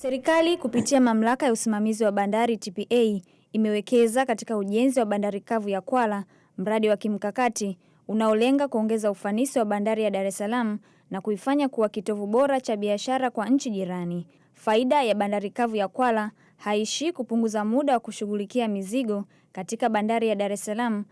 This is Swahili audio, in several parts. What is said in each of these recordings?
Serikali kupitia Mamlaka ya Usimamizi wa Bandari TPA imewekeza katika ujenzi wa bandari kavu ya Kwala, mradi wa kimkakati unaolenga kuongeza ufanisi wa bandari ya Dar es Salaam na kuifanya kuwa kitovu bora cha biashara kwa nchi jirani. Faida ya bandari kavu ya Kwala haishii kupunguza muda wa kushughulikia mizigo katika bandari ya Dar es Salaam,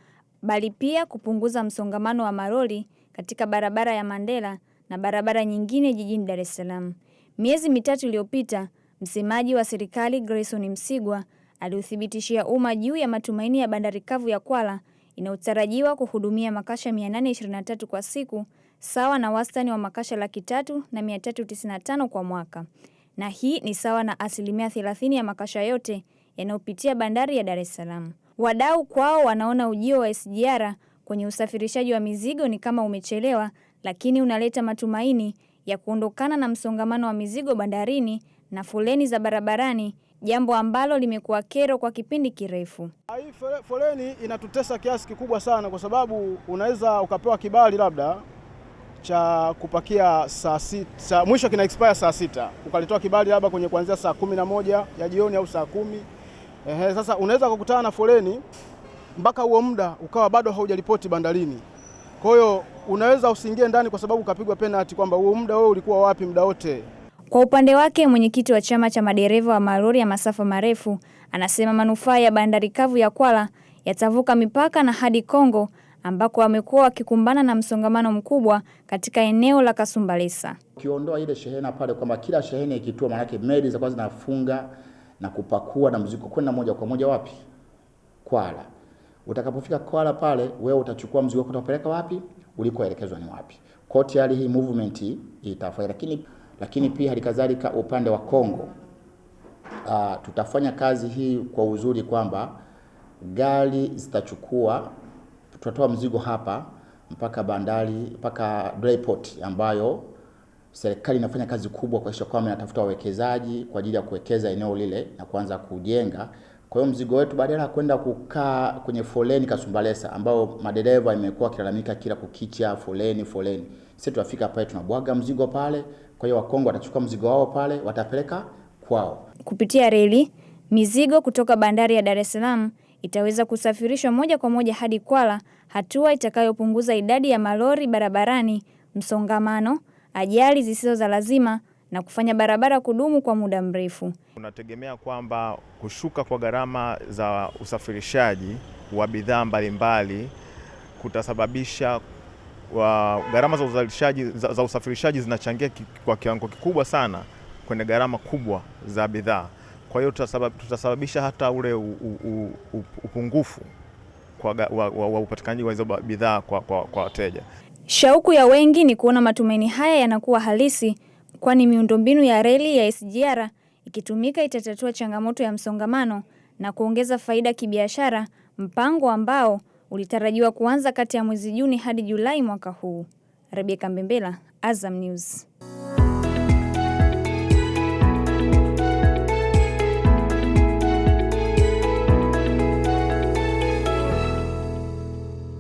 bali pia kupunguza msongamano wa maroli katika barabara ya Mandela na barabara nyingine jijini Dar es Salaam. Miezi mitatu iliyopita, msemaji wa serikali Grayson Msigwa aliuthibitishia umma juu ya matumaini ya bandari kavu ya Kwala inayotarajiwa kuhudumia makasha 823 kwa siku sawa na wastani wa makasha laki tatu na 395 kwa mwaka, na hii ni sawa na asilimia 30 ya makasha yote yanayopitia bandari ya Dar es Salaam. Wadau kwao wanaona ujio wa SGR kwenye usafirishaji wa mizigo ni kama umechelewa, lakini unaleta matumaini ya kuondokana na msongamano wa mizigo bandarini na foleni za barabarani, jambo ambalo limekuwa kero kwa kipindi kirefu. Hii foleni inatutesa kiasi kikubwa sana, kwa sababu unaweza ukapewa kibali labda cha kupakia saa sita, mwisho kina expire saa sita, ukalitoa kibali labda kwenye kuanzia saa kumi na moja ya jioni au saa kumi. Ehe, sasa unaweza kukutana na foleni mpaka huo muda ukawa bado haujaripoti bandarini. Kwa hiyo unaweza usiingie ndani kwa sababu ukapigwa penalti, kwamba huo muda wewe ulikuwa wapi muda wote. Kwa upande wake mwenyekiti wa chama cha madereva wa malori ya masafa marefu anasema manufaa ya bandari kavu ya Kwala yatavuka mipaka na hadi Kongo ambako wamekuwa wakikumbana na msongamano mkubwa katika eneo la Kasumbalesa. Ukiondoa ile shehena pale, kwamba kila shehena ikitua, maanake meli zitakuwa zinafunga na kupakua na mzigo kwenda moja kwa moja wapi? Kwala. Utakapofika Kwala pale, wewe utachukua mzigo wako utapeleka wapi? ulikoelekezwa ni wapi. Kwa hiyo tayari hii movement itafanya, lakini lakini pia halikadhalika upande wa Kongo uh, tutafanya kazi hii kwa uzuri kwamba gari zitachukua, tutatoa mzigo hapa mpaka bandari mpaka Drayport ambayo serikali inafanya kazi kubwa kuhakikisha kwamba inatafuta wawekezaji kwa ajili ya kuwekeza eneo lile na kuanza kujenga kwa hiyo mzigo wetu badala ya kwenda kukaa kwenye foleni kasumbalesa, ambao madereva imekuwa akilalamika kila kukicha, foleni foleni, sisi tunafika pale tunabwaga mzigo pale. Kwa hiyo Wakongo watachukua mzigo wao pale, watapeleka kwao kupitia reli. Mizigo kutoka bandari ya Dar es Salaam itaweza kusafirishwa moja kwa moja hadi Kwala, hatua itakayopunguza idadi ya malori barabarani, msongamano, ajali zisizo za lazima na kufanya barabara kudumu kwa muda mrefu. Unategemea kwamba kushuka kwa gharama za usafirishaji wa bidhaa mbalimbali kutasababisha gharama za uzalishaji, za, za usafirishaji zinachangia kwa kiwango kikubwa sana kwenye gharama kubwa za bidhaa. Kwa hiyo tutasababisha hata ule u, u, u, upungufu kwa, wa, wa, wa upatikanaji wa hizo bidhaa kwa wateja. Shauku ya wengi ni kuona matumaini haya yanakuwa halisi kwani miundombinu ya reli ya SGR ikitumika itatatua changamoto ya msongamano na kuongeza faida kibiashara, mpango ambao ulitarajiwa kuanza kati ya mwezi Juni hadi Julai mwaka huu. Rebeka Mbembela, Azam News.